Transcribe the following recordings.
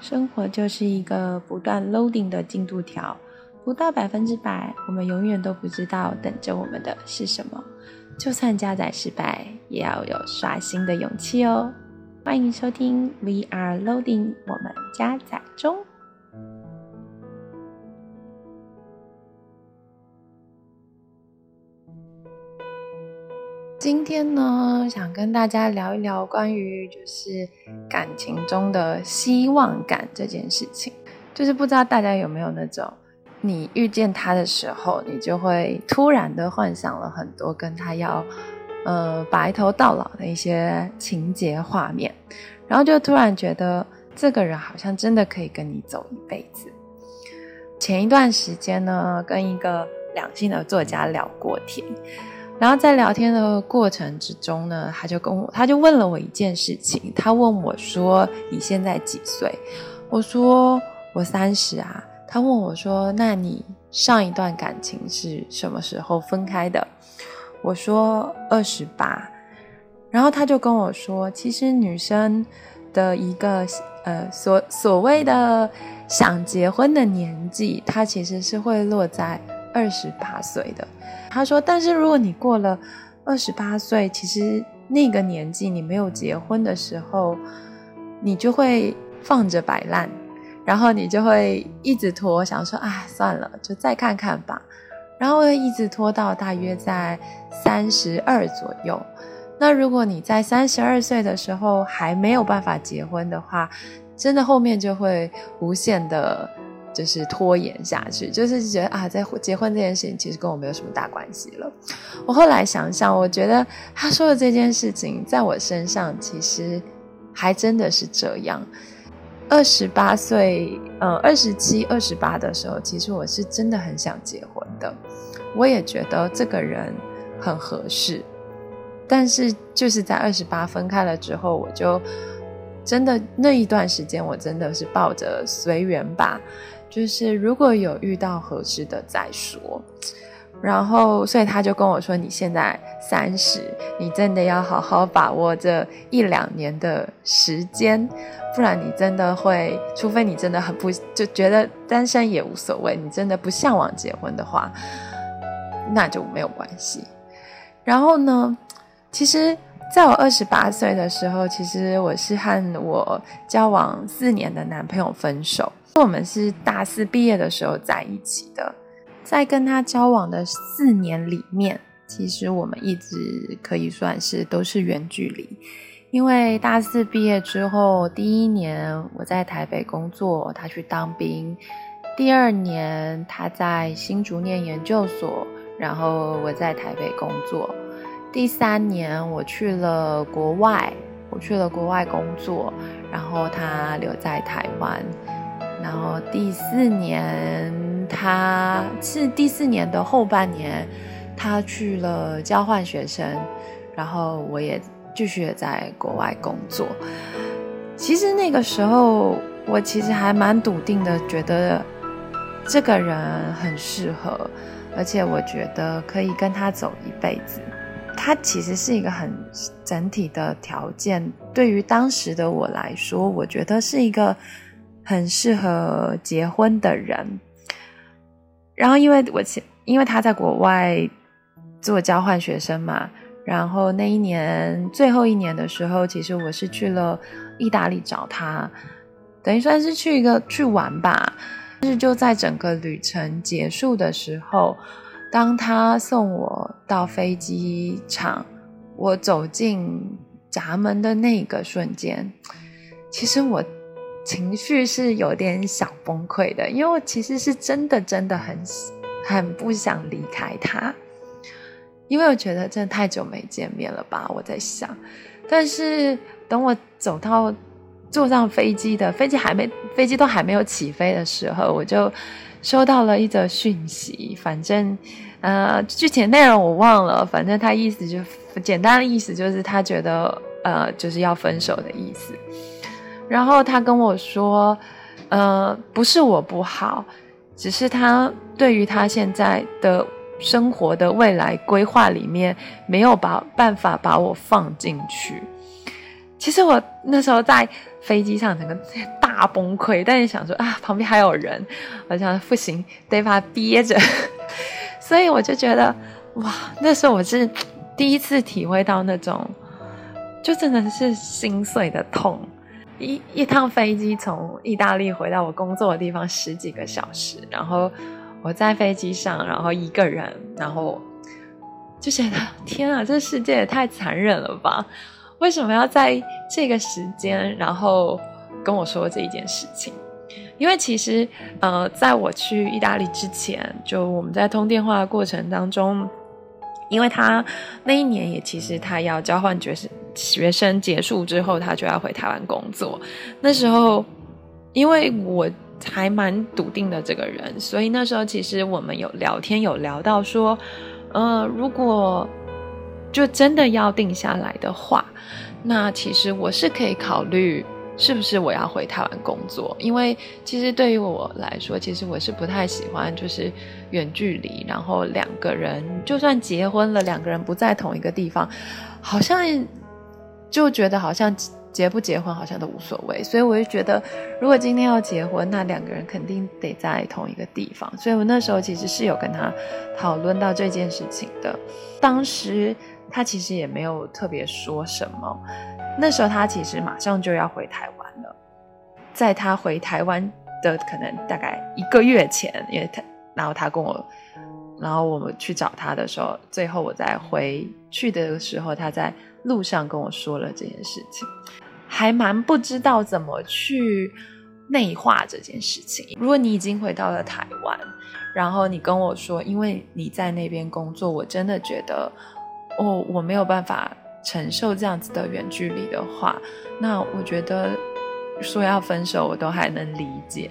生活就是一個不斷 loading 的進度條，不到百分之百，我們永遠都不知道等着我們的是什麼。就算加載失敗，也要有刷新的勇氣哦。歡迎收聽 We are loading，我們加載中。今天呢，想跟大家聊一聊關於就是感情中的希望感這件事情。就是不知道大家有沒有那種，你遇見他的時候，你就會突然的幻想了很多跟他要，呃，白頭到老的一些情節畫面，然後就突然覺得這個人好像真的可以跟你走一輩子。前一段時間呢，跟一個兩性的作家聊過天。然後在聊天的過程之中呢，他就跟我，他就問了我一件事情，他問我說：“你現在幾歲？”我說：“我三十啊。”他問我說：“那你上一段感情是什麼時候分開的？”我說：“二十八。”然後他就跟我說：“其實女生的一個呃所所謂的想結婚的年紀，它其實是會落在。”二十八歲的，他說：“但是如果你過了二十八歲，其實那個年紀你沒有結婚的時候，你就會放着擺爛，然後你就會一直拖，想說啊、哎、算了，就再看看吧，然後一直拖到大約在三十二左右。那如果你在三十二歲的時候還沒有辦法結婚的話，真的後面就會無限的。”就是拖延下去，就是覺得啊，在結婚這件事情其實跟我沒有什麼大關係了。我後來想想，我覺得他說的這件事情，在我身上其實還真的是這樣。二十八歲，嗯、呃，二十七、二十八的時候，其實我是真的很想結婚的，我也覺得這個人很合適。但是就是在二十八分開了之後，我就真的那一段時間，我真的是抱着隨緣吧。就是如果有遇到合適的再說，然後所以他就跟我說：“你現在三十，你真的要好好把握這一兩年的時間，不然你真的會，除非你真的很不，就覺得單身也無所謂，你真的不向往結婚的話，那就沒有關係。”然後呢，其實。在我二十八歲的時候，其實我是和我交往四年的男朋友分手。我們是大四畢業的時候在一起的，在跟他交往的四年裡面，其實我們一直可以算是都是遠距離。因為大四畢業之後，第一年我在台北工作，他去當兵；第二年他在新竹念研究所，然後我在台北工作。第三年我去了國外，我去了國外工作，然後他留在台灣。然後第四年他是第四年的後半年，他去了交換學生，然後我也繼續在國外工作。其實那個時候我其實還蠻篤定的，覺得這個人很適合，而且我覺得可以跟他走一輩子。他其實是一個很整體的條件，對於當時的我來說，我覺得是一個很適合結婚的人。然後，因為我前因為他在國外做交換學生嘛，然後那一年最後一年的時候，其實我是去了意大利找他，等於算是去一個去玩吧。但、就是就在整個旅程結束的時候，當他送我到飛機場，我走進閘門的那個瞬間，其實我情緒是有點小崩潰的，因為我其實是真的真的很很不想離開他，因為我覺得真的太久沒見面了吧，我在想，但是等我走到。坐上飛機的，飛機還沒，飛機都還沒有起飛的時候，我就收到了一則訊息。反正，呃，具體內容我忘了。反正他意思就，簡單的意思就是他覺得，呃，就是要分手的意思。然後他跟我說，呃，不是我不好，只是他對於他現在的生活的未來規劃裡面，沒有把，辦法把我放進去。其實我那時候在飛機上，整個大崩潰。但是想說啊，旁邊還有人，我想不行，得把它憋着。所以我就覺得哇，那時候我是第一次體會到那種，就真的是心碎的痛。一，一趟飛機從意大利回到我工作的地方，十幾個小時，然後我在飛機上，然後一個人，然後就覺得天啊，這世界也太殘忍了吧。為什麼要在這個時間，然後跟我說這一件事情？因為其實，呃，在我去意大利之前，就我們在通電話的過程當中，因為他那一年也其實他要交換學生，學生結束之後他就要回台灣工作。那時候，因為我還蠻篤定的這個人，所以那時候其實我們有聊天，有聊到說，呃，如果，就真的要定下來的話，那其實我是可以考慮是不是我要回台灣工作，因為其實對於我來說，其實我是不太喜歡就是遠距離，然後兩個人就算結婚了，兩個人不在同一個地方，好像就覺得好像結不結婚好像都無所謂。所以我就覺得，如果今天要結婚，那兩個人肯定得在同一個地方。所以我那時候其實是有跟他討論到這件事情的，當時。他其實也沒有特別說什麼。那時候他其實馬上就要回台灣了，在他回台灣的可能大概一個月前，因為他，然後他跟我，然後我們去找他的時候，最後我在回去的時候，他在路上跟我說了這件事情，還蠻不知道怎麼去內化這件事情。如果你已經回到了台灣，然後你跟我說，因為你在那邊工作，我真的覺得。我、哦、我沒有辦法承受這樣子的遠距離的話，那我覺得說要分手我都還能理解，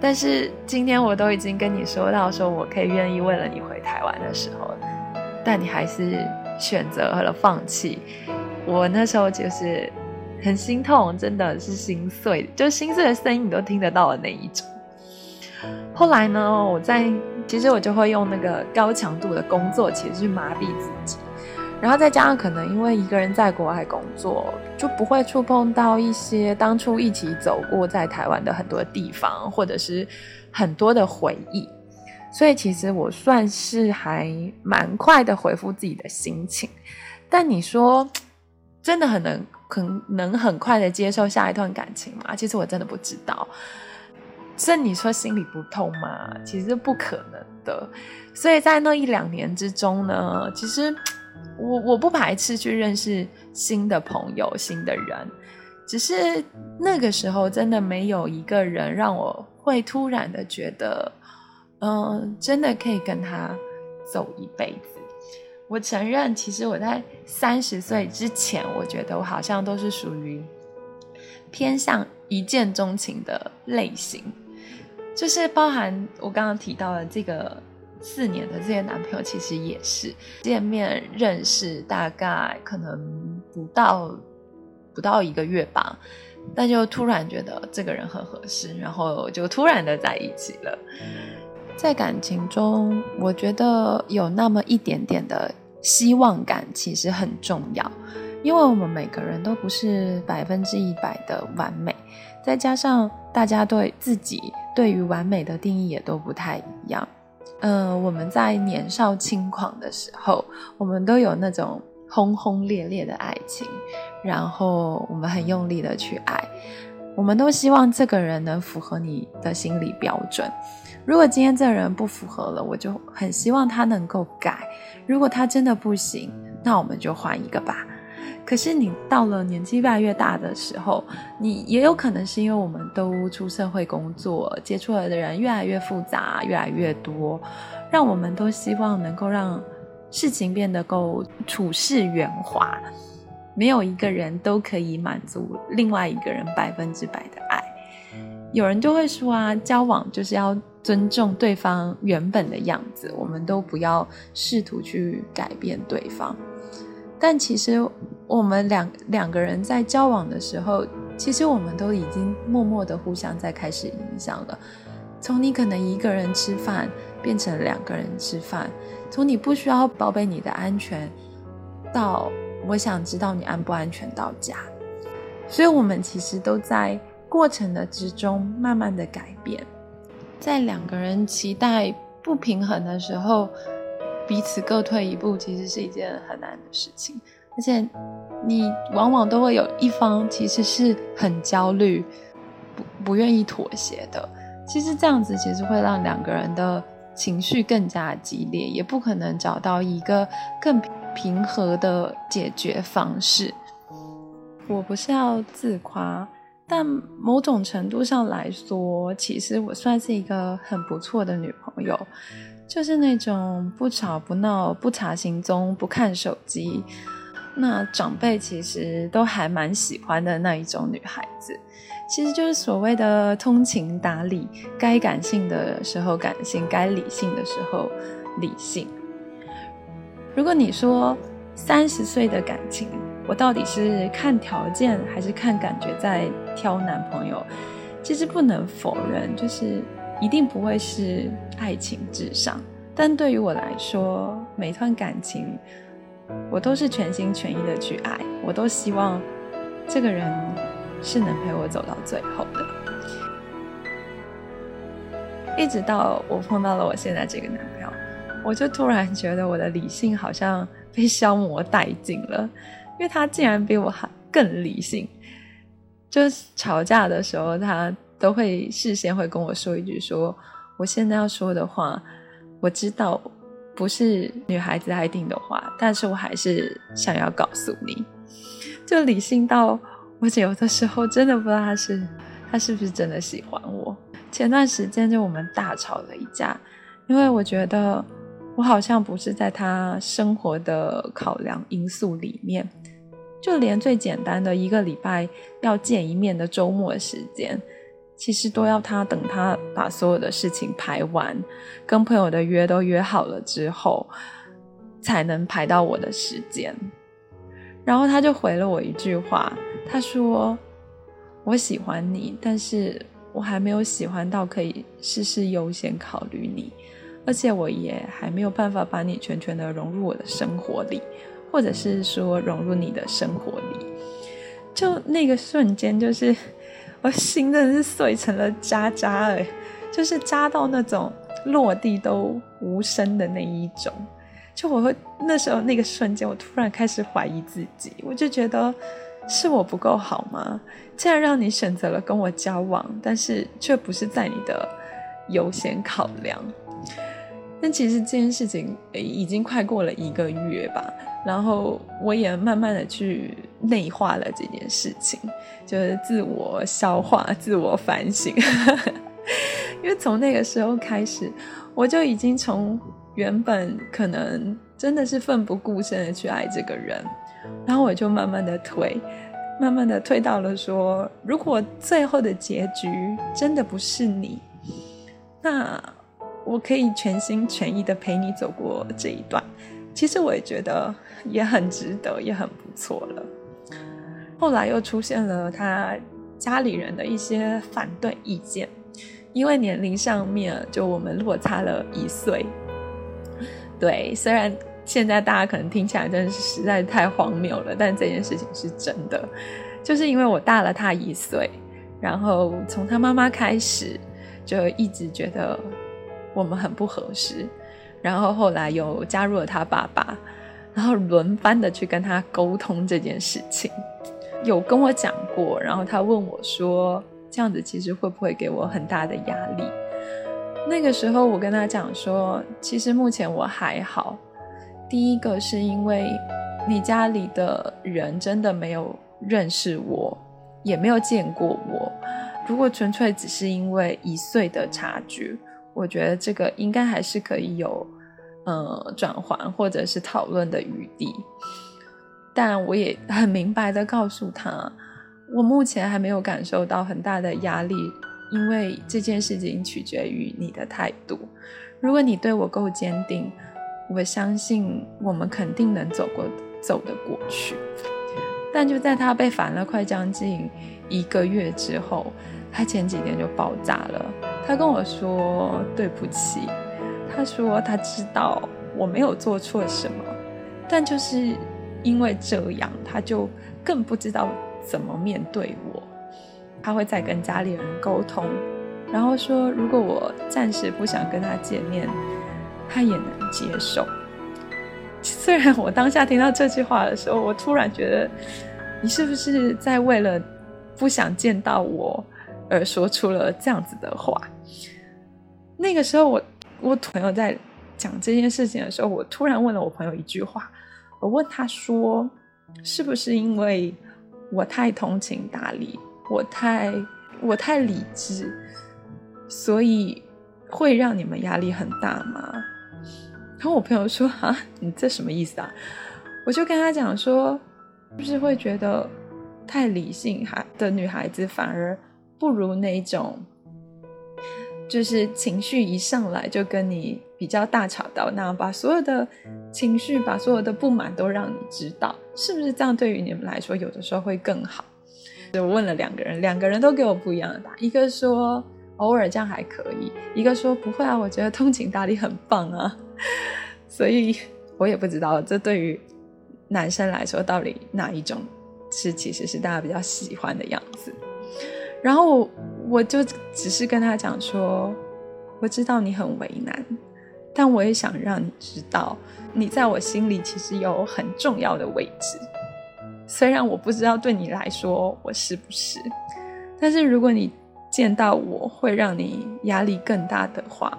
但是今天我都已經跟你說到說我可以願意為了你回台灣的時候，但你還是選擇了放棄，我那時候就是很心痛，真的是心碎，就心碎的聲音你都聽得到的那一種。後來呢，我在其實我就會用那個高強度的工作其實去麻痹自己。然後再加上，可能因為一個人在國外工作，就不會觸碰到一些當初一起走過在台灣的很多的地方，或者是很多的回憶，所以其實我算是還蠻快的恢復自己的心情。但你說，真的很能很能很快的接受下一段感情嗎？其實我真的不知道。這你說心裡不痛嗎？其實不可能的。所以在那一兩年之中呢，其實。我我不排斥去認識新的朋友、新的人，只是那個時候真的沒有一個人讓我會突然的覺得，嗯、呃，真的可以跟他走一輩子。我承認，其實我在三十歲之前，我覺得我好像都是屬於偏向一見鍾情的類型，就是包含我剛剛提到的這個。四年的這些男朋友其實也是見面認識，大概可能不到不到一個月吧，但就突然覺得這個人很合適，然後就突然的在一起了。在感情中，我覺得有那麼一點點的希望感其實很重要，因為我們每個人都不是百分之一百的完美，再加上大家對自己對於完美的定義也都不太一樣。嗯、呃，我們在年少輕狂的時候，我們都有那種轟轟烈烈的愛情，然後我們很用力的去愛，我們都希望這個人能符合你的心理標準。如果今天這個人不符合了，我就很希望他能夠改；如果他真的不行，那我們就換一個吧。可是你到了年紀越來越大的時候，你也有可能是因為我們都出社會工作，接觸了的人越來越複雜，越來越多，讓我們都希望能夠讓事情變得夠處事圓滑。沒有一個人都可以滿足另外一個人百分之百的愛。有人就會說啊，交往就是要尊重對方原本的樣子，我們都不要試圖去改變對方。但其實我們兩兩個人在交往的時候，其實我們都已經默默的互相在開始影響了。從你可能一個人吃飯變成兩個人吃飯，從你不需要報備你的安全，到我想知道你安不安全到家。所以，我們其實都在過程的之中慢慢的改變。在兩個人期待不平衡的時候。彼此各退一步，其實是一件很難的事情，而且你往往都會有一方其實是很焦慮、不、不願意妥協的。其實這樣子其實會讓兩個人的情緒更加激烈，也不可能找到一個更平和的解決方式。我不是要自誇，但某種程度上來說，其實我算是一個很不錯的女朋友。就是那種不吵不鬧、不查行蹤、不看手機，那長輩其實都還蠻喜歡的那一種女孩子，其實就是所謂的通情達理，該感性的時候感性，該理性的時候理性。如果你說三十歲的感情，我到底是看條件還是看感覺在挑男朋友？其實不能否認，就是一定不會是。愛情至上，但對於我來說，每一段感情我都是全心全意的去愛，我都希望這個人是能陪我走到最後的。一直到我碰到了我現在這個男朋友，我就突然覺得我的理性好像被消磨殆盡了，因為他竟然比我還更理性，就是吵架的時候，他都會事先會跟我說一句說。我現在要說的話，我知道不是女孩子愛聽的話，但是我還是想要告訴你。就理性到我姐有的時候真的不知道他是他是不是真的喜歡我。前段時間就我們大吵了一架，因為我覺得我好像不是在他生活的考量因素裡面，就連最簡單的一個禮拜要見一面的周末的時間。其實都要他等他把所有的事情排完，跟朋友的約都約好了之後，才能排到我的時間。然後他就回了我一句話，他說：“我喜歡你，但是我還沒有喜歡到可以事事優先考慮你，而且我也還沒有辦法把你全權的融入我的生活裡，或者是說融入你的生活裡。”就那個瞬間，就是。我心真的是碎成了渣渣哎、欸,就是渣到那種落地都無聲的那一種。就我會那時候那個瞬間，我突然開始懷疑自己，我就覺得是我不夠好嗎？既然讓你選擇了跟我交往，但是卻不是在你的優先考量。但其實這件事情、欸、已經快過了一個月吧。然後我也慢慢的去內化了這件事情，就是自我消化、自我反省。 因為從那個時候開始，我就已經從原本可能真的是奮不顧身的去愛這個人，然後我就慢慢的推，慢慢的推到了說，如果最後的結局真的不是你，那我可以全心全意的陪你走過這一段。其實我也覺得也很值得，也很不錯了。後來又出現了他家裡人的一些反對意見，因為年齡上面就我們落差了一歲。對，雖然現在大家可能聽起來真的是實在太荒謬了，但這件事情是真的，就是因為我大了他一歲，然後從他媽媽開始就一直覺得我們很不合適。然後後來又加入了他爸爸，然後輪番的去跟他溝通這件事情，有跟我講過。然後他問我說：“這樣子其實會不會給我很大的壓力？”那個時候我跟他講說：“其實目前我還好。第一個是因為你家裡的人真的沒有認識我，也沒有見過我。如果純粹只是因為一歲的差距。”我覺得這個應該還是可以有，呃，轉圜或者是討論的餘地。但我也很明白地告訴他，我目前還沒有感受到很大的壓力，因為這件事情取決於你的態度。如果你對我夠堅定，我相信我們肯定能走過走得過去。但就在他被煩了快將近一個月之後，他前幾天就爆炸了。他跟我說對不起，他說他知道我沒有做錯什麼，但就是因為這樣，他就更不知道怎麼面對我。他會再跟家裡人溝通，然後說如果我暫時不想跟他見面，他也能接受。雖然我當下聽到這句話的時候，我突然覺得你是不是在為了不想見到我？而說出了這樣子的話。那個時候我，我我朋友在講這件事情的時候，我突然問了我朋友一句話：我問他說，是不是因為我太通情達理，我太我太理智，所以會讓你們壓力很大嗎？然後我朋友說：啊，你這什麼意思啊？我就跟他講說，是不是會覺得太理性哈的女孩子反而，不如那一種，就是情緒一上來就跟你比較大吵大鬧，把所有的情緒、把所有的不滿都讓你知道，是不是這樣？對於你們來說，有的時候會更好。就問了兩個人，兩個人都給我不一樣的答案。一個說偶爾這樣還可以，一個說不會啊，我覺得通情達理很棒啊。所以我也不知道，這對於男生來說到底哪一種是其實是大家比較喜歡的樣子。然後我我就只是跟他講說，我知道你很為難，但我也想讓你知道，你在我心裡其實有很重要的位置。雖然我不知道對你來說我是不是，但是如果你見到我會讓你壓力更大的話，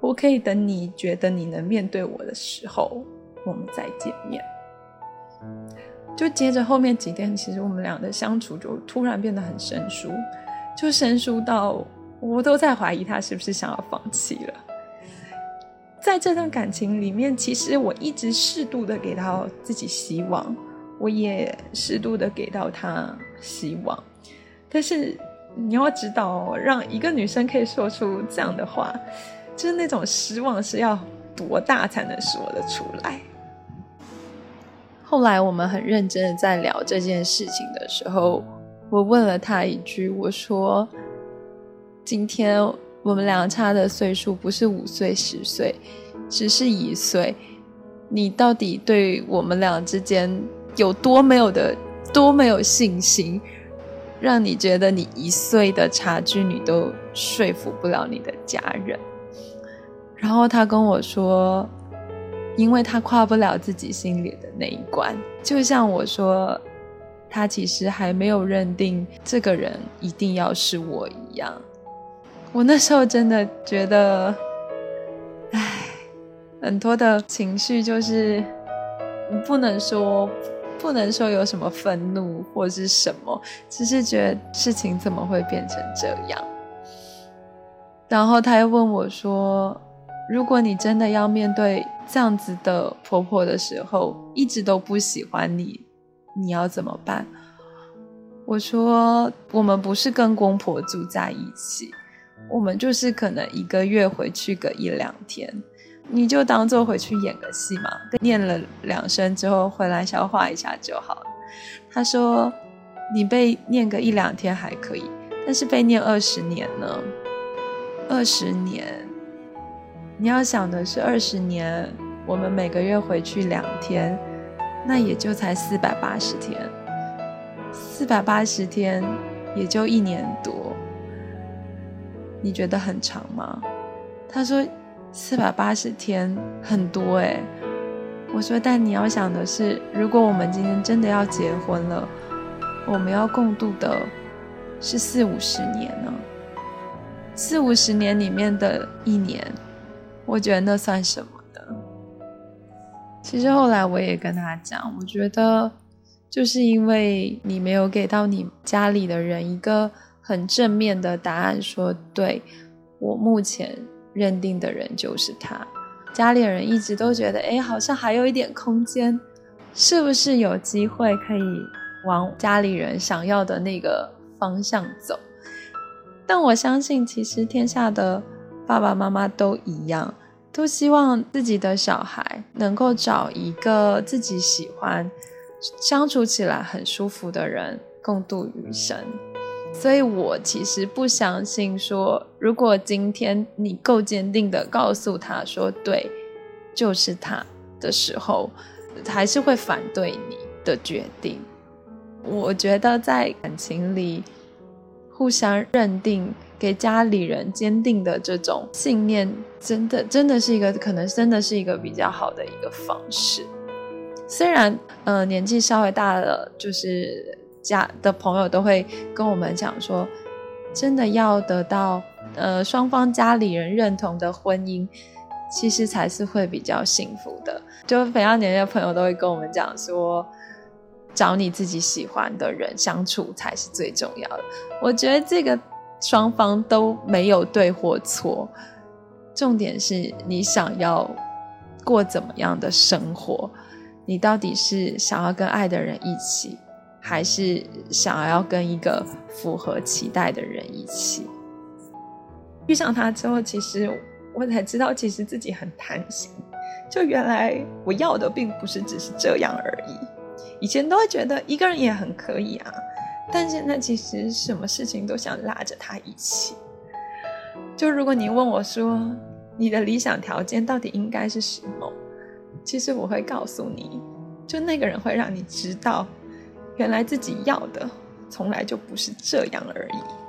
我可以等你覺得你能面對我的時候，我們再見面。就接着後面幾天，其實我們倆的相處就突然變得很生疏，就生疏到我都在懷疑他是不是想要放棄了。在這段感情裡面，其實我一直適度的給到自己希望，我也適度的給到他希望。但是你要知道哦，讓一個女生可以說出這樣的話，就是那種失望是要多大才能說得出來。後來我們很認真的在聊這件事情的時候，我問了他一句，我說：“今天我們倆差的歲數不是五歲、十歲，只是一歲，你到底對我們倆之間有多沒有的，多沒有信心，讓你覺得你一歲的差距你都說服不了你的家人？”然後他跟我說。因為他跨不了自己心裡的那一關，就像我說，他其實還沒有認定這個人一定要是我一樣。我那時候真的覺得，唉，很多的情緒就是不能說，不能說有什麼憤怒或是什麼，只是覺得事情怎麼會變成這樣。然後他又問我說。如果你真的要面對這樣子的婆婆的時候，一直都不喜歡你，你要怎麼辦？我說我們不是跟公婆住在一起，我們就是可能一個月回去個一兩天，你就當做回去演個戲嘛，念了兩聲之後回來消化一下就好了。他說你被念個一兩天還可以，但是被念二十年呢？二十年。你要想的是二十年，我們每個月回去兩天，那也就才四百八十天，四百八十天也就一年多，你覺得很長嗎？他說四百八十天很多哎、欸，我說但你要想的是，如果我們今天真的要結婚了，我們要共度的是四五十年呢、啊，四五十年裡面的一年。我覺得那算什麼呢。其實後來我也跟他講，我覺得就是因為你沒有給到你家裡的人一個很正面的答案，說對我目前認定的人就是他。家裡人一直都覺得，哎，好像還有一點空間，是不是有機會可以往家裡人想要的那個方向走？但我相信，其實天下的。爸爸媽媽都一樣，都希望自己的小孩能夠找一個自己喜歡、相處起來很舒服的人共度餘生。所以，我其實不相信說，如果今天你夠堅定的告訴他說“對，就是他”的時候，還是會反對你的決定。我覺得在感情裡。互相認定，給家裡人堅定的這種信念，真的真的是一個可能，真的是一個比較好的一個方式。雖然，呃年紀稍微大了，就是家的朋友都會跟我們講說，真的要得到呃雙方家裡人認同的婚姻，其實才是會比較幸福的。就比較年的朋友都會跟我們講說。找你自己喜歡的人相處才是最重要的。我覺得這個雙方都沒有對或錯，重點是你想要過怎麼樣的生活，你到底是想要跟愛的人一起，還是想要跟一個符合期待的人一起？遇上他之後，其實我才知道，其實自己很貪心。就原來我要的，並不是只是這樣而已。以前都會覺得一個人也很可以啊，但現在其實什麼事情都想拉着他一起。就如果你問我說，你的理想條件到底應該是什麼？其實我會告訴你，就那個人會讓你知道，原來自己要的從來就不是這樣而已。